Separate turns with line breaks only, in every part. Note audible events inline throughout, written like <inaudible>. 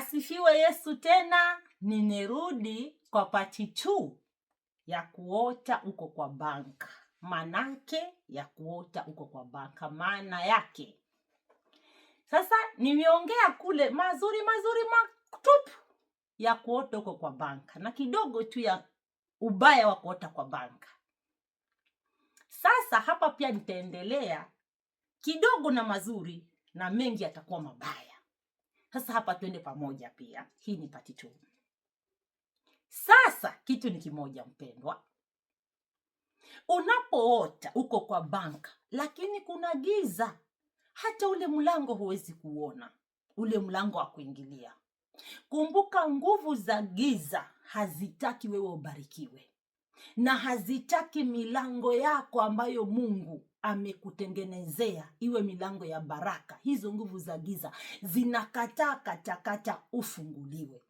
Asifiwe Yesu. Tena ninerudi kwa pati tu ya kuota uko kwa banka, manake ya kuota uko kwa banka, maana yake sasa nimeongea kule mazuri mazuri matupu ya kuota uko kwa banka na kidogo tu ya ubaya wa kuota kwa banka. Sasa hapa pia nitaendelea kidogo na mazuri na mengi yatakuwa mabaya. Sasa hapa twende pamoja pia, hii ni part tu. Sasa kitu ni kimoja mpendwa, unapoota uko kwa banka, lakini kuna giza, hata ule mlango huwezi kuona, ule mlango wa kuingilia. Kumbuka, nguvu za giza hazitaki wewe ubarikiwe na hazitaki milango yako ambayo Mungu amekutengenezea iwe milango ya baraka. Hizo nguvu za giza zinakataa katakata ufunguliwe,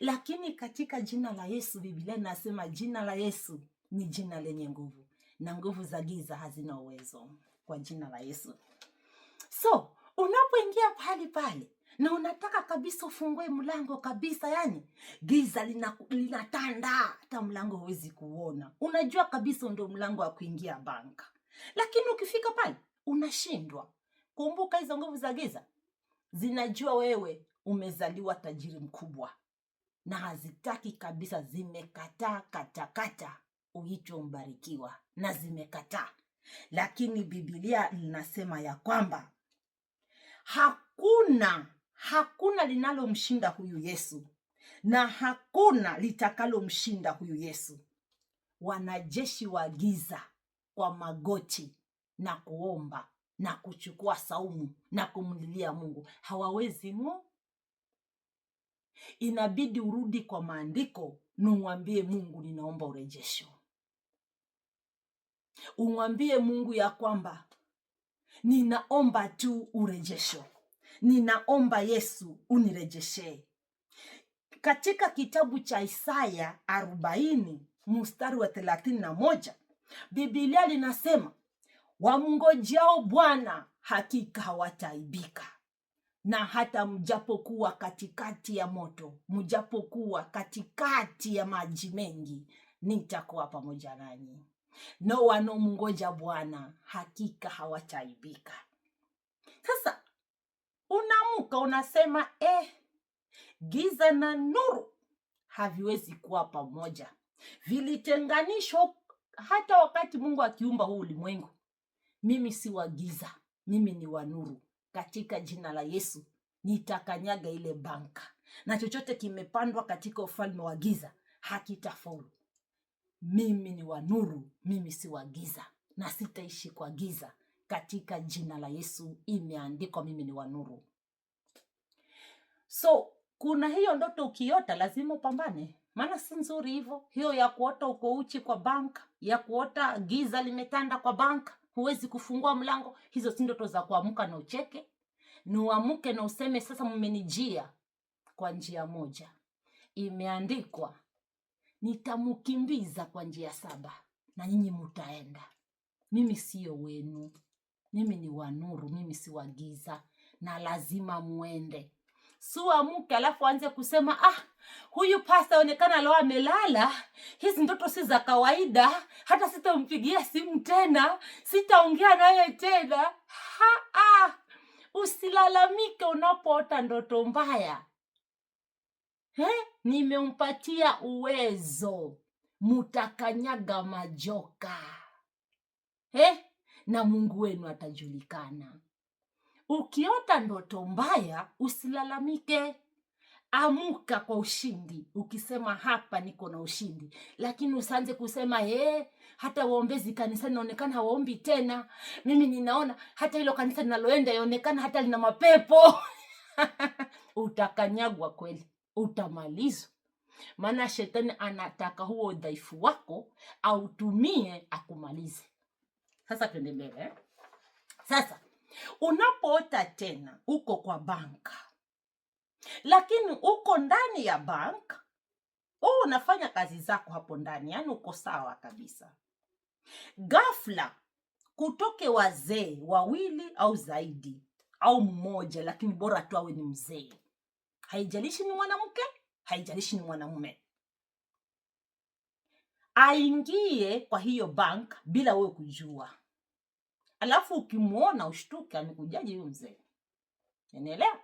lakini katika jina la Yesu, Biblia inasema jina la Yesu ni jina lenye nguvu na nguvu za giza hazina uwezo kwa jina la Yesu. So unapoingia pahali pale na unataka kabisa ufungue mlango kabisa, yani giza linatanda, lina hata mlango huwezi kuona, unajua kabisa ndio mlango wa kuingia banka lakini ukifika pale unashindwa. Kumbuka hizo nguvu za giza zinajua wewe umezaliwa tajiri mkubwa, na hazitaki kabisa, zimekataa katakata uitwe mbarikiwa, na zimekataa. Lakini Biblia linasema ya kwamba hakuna hakuna linalomshinda huyu Yesu na hakuna litakalomshinda huyu Yesu. Wanajeshi wa giza kwa magoti na kuomba na kuchukua saumu na kumlilia Mungu hawawezi ngo. Inabidi urudi kwa maandiko na umwambie Mungu, ninaomba urejesho. Umwambie Mungu ya kwamba ninaomba tu urejesho, ninaomba Yesu unirejeshee. Katika kitabu cha Isaya arobaini mstari wa thelathini na moja Biblia linasema wamngojao Bwana hakika hawataibika na hata mjapokuwa katikati ya moto, mjapokuwa katikati ya maji mengi, nitakuwa pamoja nanyi. No, wanaomngoja Bwana hakika hawataibika. Sasa unamka unasema, eh, giza na nuru haviwezi kuwa pamoja, vilitenganishwa hata wakati Mungu akiumba huu ulimwengu, mimi si wa giza, mimi ni wa nuru. Katika jina la Yesu nitakanyaga ile banka, na chochote kimepandwa katika ufalme wa giza hakitafaulu. Mimi ni wa nuru, mimi si wa giza, na sitaishi kwa giza katika jina la Yesu. Imeandikwa, mimi ni wa nuru. So kuna hiyo ndoto ukiota, lazima upambane maana si nzuri hivyo hiyo ya kuota uko uchi kwa banka, ya kuota giza limetanda kwa banka, huwezi kufungua mlango. Hizo si ndoto za kuamka na ucheke, ni uamke na useme sasa mmenijia kwa njia moja. Imeandikwa nitamukimbiza kwa njia saba na nyinyi mutaenda. Mimi siyo wenu, mimi ni wanuru, mimi si wagiza, na lazima muende. Suamke alafu anze kusema ah huyu pasta onekana leo amelala. Hizi ndoto si za kawaida, hata sitampigia simu tena, sitaongea naye tena. Ha-ha. Usilalamike unapoota ndoto mbaya He? Nimempatia uwezo, mutakanyaga majoka He? na Mungu wenu atajulikana. Ukiota ndoto mbaya usilalamike. Amuka kwa ushindi, ukisema hapa niko na ushindi, lakini usanze kusema ee, hata waombezi kanisa naonekana hawaombi tena. Mimi ninaona hata hilo kanisa linaloenda yaonekana hata lina mapepo <laughs> utakanyagwa kweli, utamalizwa. Maana shetani anataka huo udhaifu wako autumie akumalize. Sasa tuendelee mbele eh? Sasa unapoota tena uko kwa banka lakini uko ndani ya bank wewe unafanya kazi zako hapo ndani, yaani uko sawa kabisa. Ghafla kutoke wazee wawili au zaidi au mmoja, lakini bora tu awe ni mzee, haijalishi ni mwanamke, haijalishi ni mwanamume, aingie kwa hiyo bank bila wewe kujua, alafu ukimwona ushtuke, amekujaje huyu mzee? Unaelewa?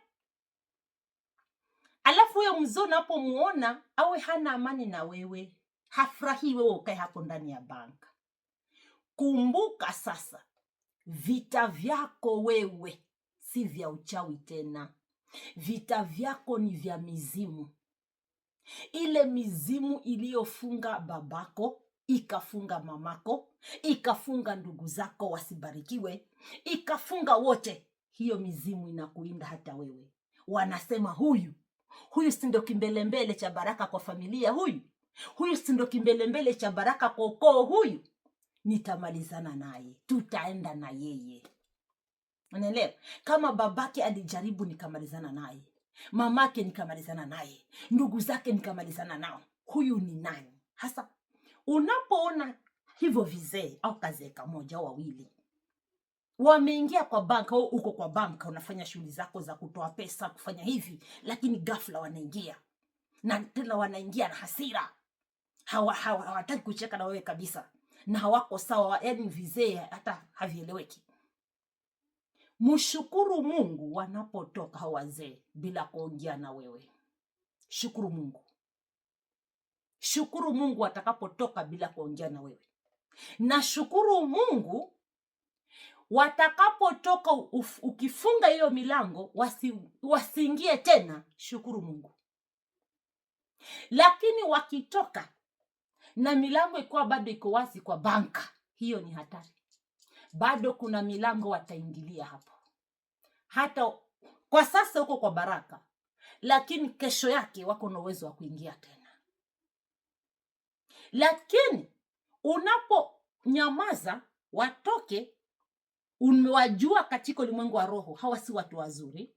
alafu huyo mzee unapomuona awe hana amani na wewe, hafurahii wewe ukae hapo ndani ya banka. Kumbuka sasa, vita vyako wewe si vya uchawi tena, vita vyako ni vya mizimu, ile mizimu iliyofunga babako ikafunga mamako ikafunga ndugu zako wasibarikiwe, ikafunga wote. Hiyo mizimu inakuinda hata wewe, wanasema huyu Huyu si ndo kimbelembele cha baraka kwa familia huyu? Huyu si ndo kimbelembele cha baraka kwa ukoo huyu? Nitamalizana naye, tutaenda na yeye. Unaelewa? Kama babake alijaribu, nikamalizana naye, mamake nikamalizana naye, ndugu zake nikamalizana nao. Huyu ni nani hasa? Unapoona hivyo vizee au kazeka moja au wawili wameingia kwa banka, au uko kwa banka unafanya shughuli zako za kutoa pesa, kufanya hivi, lakini ghafla wanaingia na tena wanaingia na hasira, hawataki hawa, hawataki kucheka na wewe kabisa, na hawako sawa, yani vizee hata havieleweki. Mshukuru Mungu wanapotoka hao wazee bila kuongea na wewe. Shukuru Mungu, shukuru Mungu watakapotoka bila kuongea na wewe, na shukuru Mungu watakapotoka ukifunga hiyo milango wasi, wasiingie tena, shukuru Mungu. Lakini wakitoka na milango ikuwa bado iko wazi kwa banka, hiyo ni hatari. Bado kuna milango wataingilia hapo. Hata kwa sasa uko kwa baraka, lakini kesho yake wako na uwezo wa kuingia tena. Lakini unaponyamaza watoke umewajua katika ulimwengu wa roho, hawa si watu wazuri,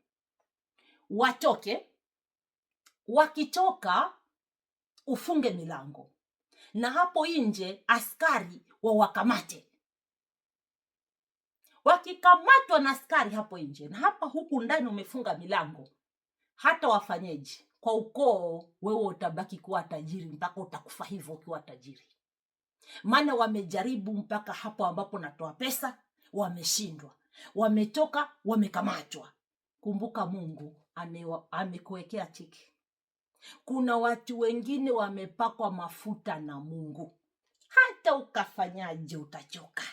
watoke. Wakitoka ufunge milango, na hapo nje askari wawakamate. Wakikamatwa na askari hapo nje, na hapa huku ndani umefunga milango, hata wafanyeji kwa ukoo, wewe utabaki kuwa tajiri mpaka utakufa hivyo ukiwa tajiri, maana wamejaribu mpaka hapo ambapo natoa pesa wameshindwa, wametoka, wamekamatwa. Kumbuka Mungu amekuwekea tiki. Kuna watu wengine wamepakwa mafuta na Mungu, hata ukafanyaje utachoka,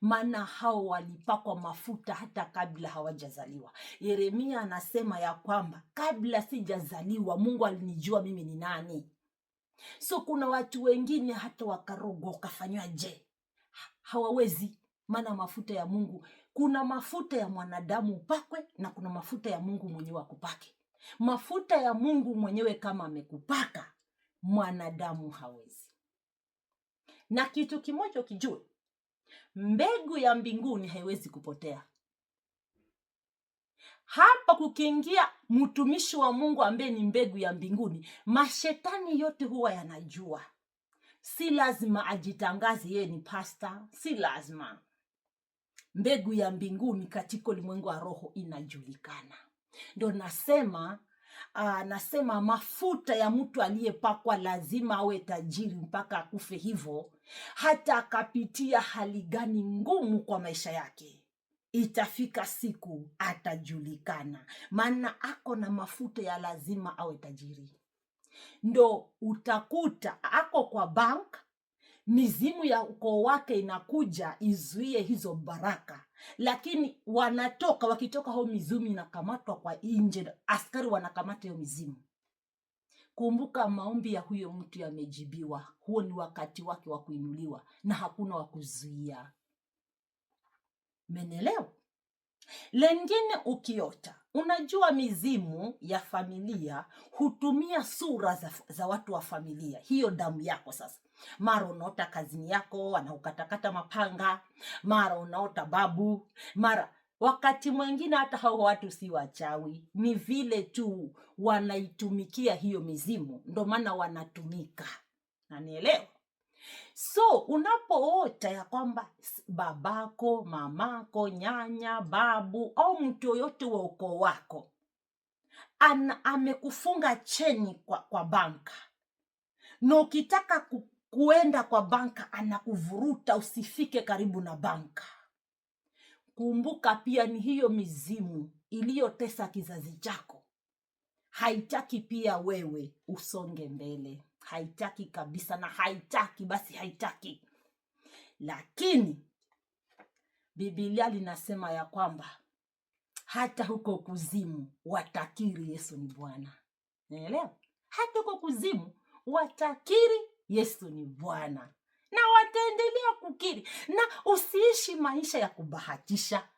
maana hao walipakwa mafuta hata kabla hawajazaliwa. Yeremia anasema ya kwamba kabla sijazaliwa Mungu alinijua mimi ni nani. So kuna watu wengine hata wakarogwa, ukafanywaje hawawezi maana mafuta ya Mungu, kuna mafuta ya mwanadamu upakwe na kuna mafuta ya Mungu mwenyewe akupake. Mafuta ya Mungu mwenyewe kama amekupaka, mwanadamu hawezi. Na kitu kimoja kijue, mbegu ya mbinguni haiwezi kupotea. Hapa kukiingia mtumishi wa Mungu ambaye ni mbegu ya mbinguni, mashetani yote huwa yanajua. Si lazima ajitangaze yeye ni pasta, si lazima mbegu ya mbinguni katika ulimwengu wa roho inajulikana. Ndo nasema Aa, ah, nasema mafuta ya mtu aliyepakwa lazima awe tajiri mpaka akufe, hivyo hata akapitia hali gani ngumu kwa maisha yake, itafika siku atajulikana, maana ako na mafuta ya lazima awe tajiri. Ndo utakuta ako kwa bank mizimu ya ukoo wake inakuja izuie hizo baraka, lakini wanatoka, wakitoka hao mizimu inakamatwa kwa nje, askari wanakamata hiyo mizimu. Kumbuka maombi ya huyo mtu yamejibiwa. Huo ni wakati wake wa kuinuliwa, na hakuna wa kuzuia. Menelewa? Lengine ukiota, unajua mizimu ya familia hutumia sura za, za watu wa familia, hiyo damu yako. Sasa mara unaota kazini yako wanaukatakata mapanga, mara unaota babu, mara wakati mwingine hata hao watu si wachawi, ni vile tu wanaitumikia hiyo mizimu, ndo maana wanatumika. Nanielewa? So unapoota ya kwamba babako, mamako, nyanya, babu au mtu yoyote wa ukoo wako ana amekufunga cheni kwa, kwa banka na ukitaka ku, kuenda kwa banka anakuvuruta usifike karibu na banka. Kumbuka pia ni hiyo mizimu iliyotesa kizazi chako haitaki pia wewe usonge mbele haitaki kabisa, na haitaki basi haitaki. Lakini Biblia linasema ya kwamba hata huko kuzimu watakiri Yesu ni Bwana. Naelewa, hata huko kuzimu watakiri Yesu ni Bwana na wataendelea kukiri. Na usiishi maisha ya kubahatisha,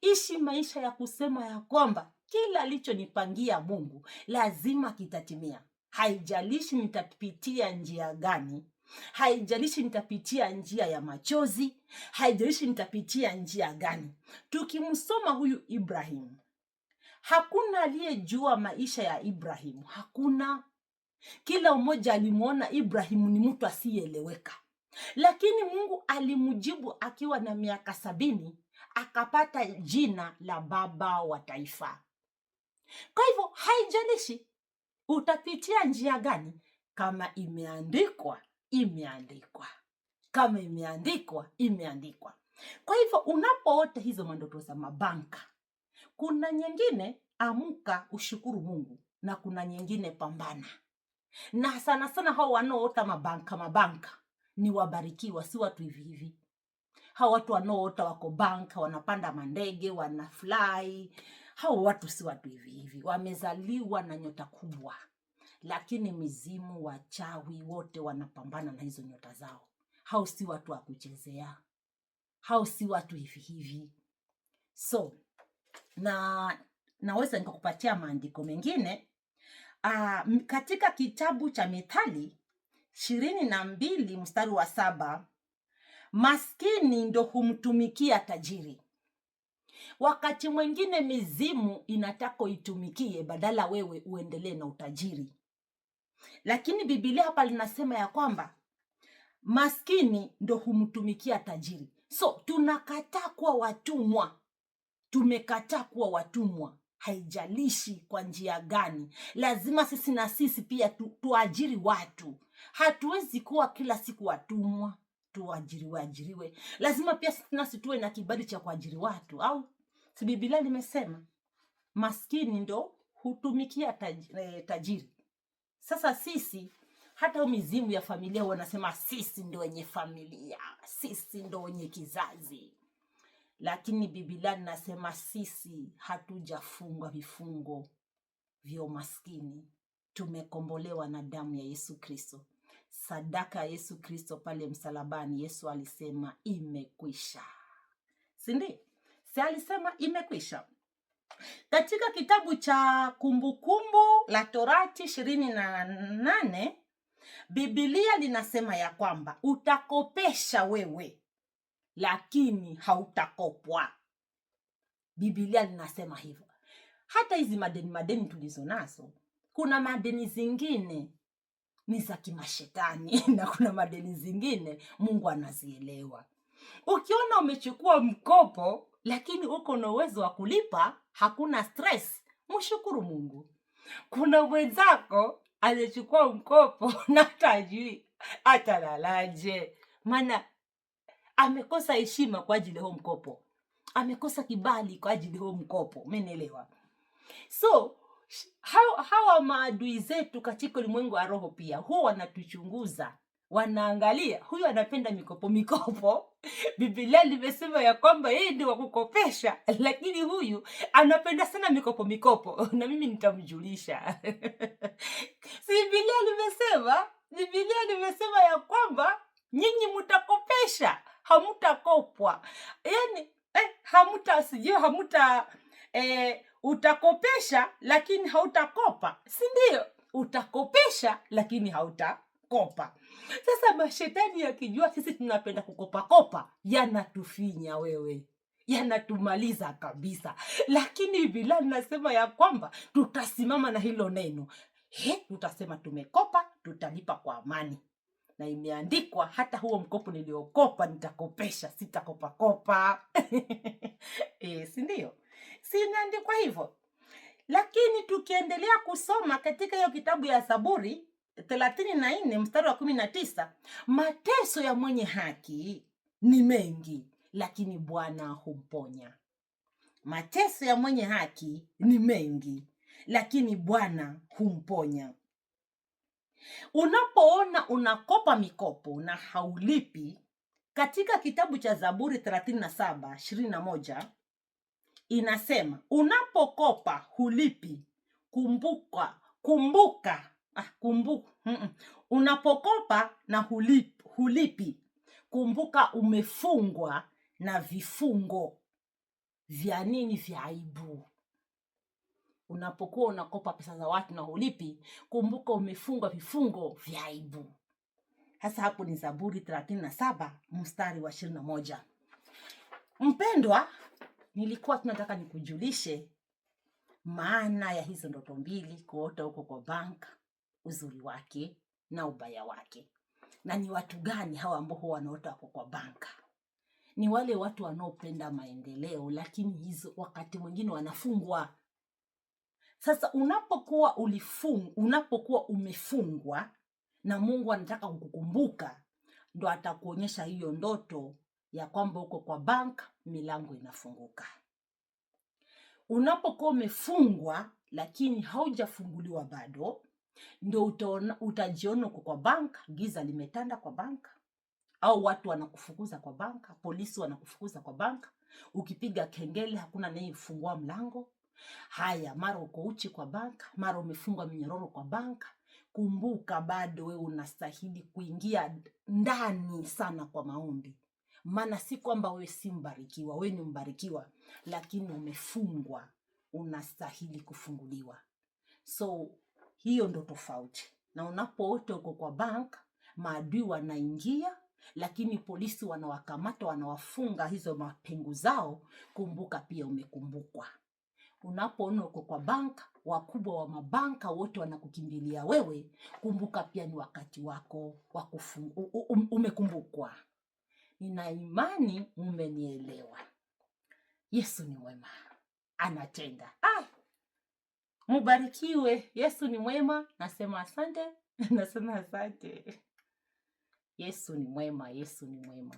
ishi maisha ya kusema ya kwamba kila alichonipangia Mungu lazima kitatimia haijalishi nitapitia njia gani, haijalishi nitapitia njia ya machozi, haijalishi nitapitia njia gani. Tukimsoma huyu Ibrahimu, hakuna aliyejua maisha ya Ibrahimu, hakuna. Kila mmoja alimwona Ibrahimu ni mtu asiyeeleweka, lakini Mungu alimjibu akiwa na miaka sabini akapata jina la baba wa taifa. Kwa hivyo haijalishi Utapitia njia gani? Kama imeandikwa, imeandikwa. Kama imeandikwa, imeandikwa. Kwa hivyo unapoota hizo mandoto za mabanka, kuna nyingine amka, ushukuru Mungu, na kuna nyingine pambana. Na sana sana hao wanaoota mabanka mabanka ni wabarikiwa, si watu hivi hivi. Hao watu wanaoota wako banka, wanapanda mandege, wanafly hao watu si watu hivi hivi, wamezaliwa na nyota kubwa, lakini mizimu, wachawi wote wanapambana na hizo nyota zao. Hao si watu wa kuchezea, hao si watu hivi hivi. So na naweza nikakupatia maandiko mengine uh, katika kitabu cha mithali ishirini na mbili mstari wa saba maskini ndo humtumikia tajiri Wakati mwingine mizimu inataka uitumikie badala wewe uendelee na utajiri, lakini Biblia hapa linasema ya kwamba maskini ndo humtumikia tajiri. So tunakataa kuwa watumwa, tumekataa kuwa watumwa haijalishi kwa njia gani, lazima sisi na sisi pia tu, tuajiri watu. Hatuwezi kuwa kila siku watumwa tuajiriwe ajiriwe, lazima pia sisi nasi tuwe na kibali cha kuajiri watu, au Si Biblia limesema maskini ndo hutumikia taj, eh, tajiri. Sasa sisi hata mizimu ya familia wanasema sisi ndo wenye familia, sisi ndo wenye kizazi, lakini Biblia linasema sisi hatujafungwa vifungo vya umaskini, tumekombolewa na damu ya Yesu Kristo, sadaka ya Yesu Kristo pale msalabani. Yesu alisema imekwisha, si ndio? alisema imekwisha. Katika kitabu cha Kumbukumbu la Torati ishirini na nane Biblia linasema ya kwamba utakopesha wewe, lakini hautakopwa. Biblia linasema hivyo. Hata hizi madeni madeni tulizo nazo, kuna madeni zingine ni za kimashetani <laughs> na kuna madeni zingine Mungu anazielewa. Ukiona umechukua mkopo lakini uko na uwezo wa kulipa, hakuna stress, mshukuru Mungu. Kuna mwenzako alichukua mkopo <laughs> na hata ajui atalalaje, maana amekosa heshima kwa ajili ya huo mkopo, amekosa kibali kwa ajili ya huo mkopo. menelewa So hawa maadui zetu katika ulimwengu wa roho pia huwa wanatuchunguza wanaangalia huyu anapenda mikopo mikopo. <laughs> Biblia limesema ya kwamba yeye wa wakukopesha, lakini huyu anapenda sana mikopo mikopo, <laughs> na mimi nitamjulisha. <laughs> Si Biblia limesema, Biblia limesema ya kwamba nyinyi mutakopesha, hamutakopwa. Yani eh, hamuta sijui hamta eh, utakopesha lakini hautakopa, si ndio? Utakopesha lakini hauta kukopa. Sasa mashetani yakijua sisi tunapenda kukopakopa, yanatufinya wewe, yanatumaliza kabisa. Lakini Biblia nasema ya kwamba tutasimama na hilo neno. He, tutasema tumekopa, tutalipa kwa amani na imeandikwa hata huo mkopo niliokopa nitakopesha, sitakopakopa. <laughs> E, eh, si ndio? Si imeandikwa hivyo? Lakini tukiendelea kusoma katika hiyo kitabu ya Zaburi thelathini na nne mstari wa kumi na tisa mateso ya mwenye haki ni mengi, lakini Bwana humponya. Mateso ya mwenye haki ni mengi, lakini Bwana humponya. Unapoona unakopa mikopo na haulipi, katika kitabu cha Zaburi 3721 inasema, unapokopa hulipi, kumbuka kumbuka Ah, kumbuka mm -mm. Unapokopa na hulipi, hulipi, kumbuka umefungwa na vifungo vya nini? Vya aibu. Unapokuwa unakopa pesa za watu na hulipi, kumbuka umefungwa vifungo vya aibu. Hasa hapo ni Zaburi thelathini na saba mstari wa ishirini na moja. Mpendwa, nilikuwa tunataka nikujulishe maana ya hizo ndoto mbili, kuota huko kwa banka uzuri wake na ubaya wake. Na ni watu gani hawa ambao wanaota wako kwa banka? Ni wale watu wanaopenda maendeleo, lakini hizo wakati mwingine wanafungwa. Sasa unapokuwa ulifung, unapokuwa umefungwa na Mungu anataka kukukumbuka, ndo atakuonyesha hiyo ndoto ya kwamba uko kwa bank milango inafunguka. Unapokuwa umefungwa lakini haujafunguliwa bado, ndo utajiona uko kwa banka, giza limetanda kwa banka, au watu wanakufukuza kwa banka, polisi wanakufukuza kwa banka, ukipiga kengele hakuna anayefungua mlango. Haya, mara uko uchi kwa banka, mara umefungwa minyororo kwa banka. Kumbuka bado wewe unastahili kuingia ndani sana kwa maombi, maana si kwamba wewe si mbarikiwa, wewe ni mbarikiwa, lakini umefungwa, unastahili kufunguliwa so hiyo ndo tofauti na unapoote uko kwa bank, maadui wanaingia, lakini polisi wanawakamata, wanawafunga hizo mapengo zao. Kumbuka pia umekumbukwa. Unapoona uko kwa bank, wakubwa wa mabanka wote wanakukimbilia wewe, kumbuka pia ni wakati wako wa um, umekumbukwa. Nina imani umenielewa. Yesu ni mwema, anatenda. Ah! Mubarikiwe. Yesu ni mwema. Nasema asante. <laughs> Nasema asante. Yesu ni mwema. Yesu ni mwema.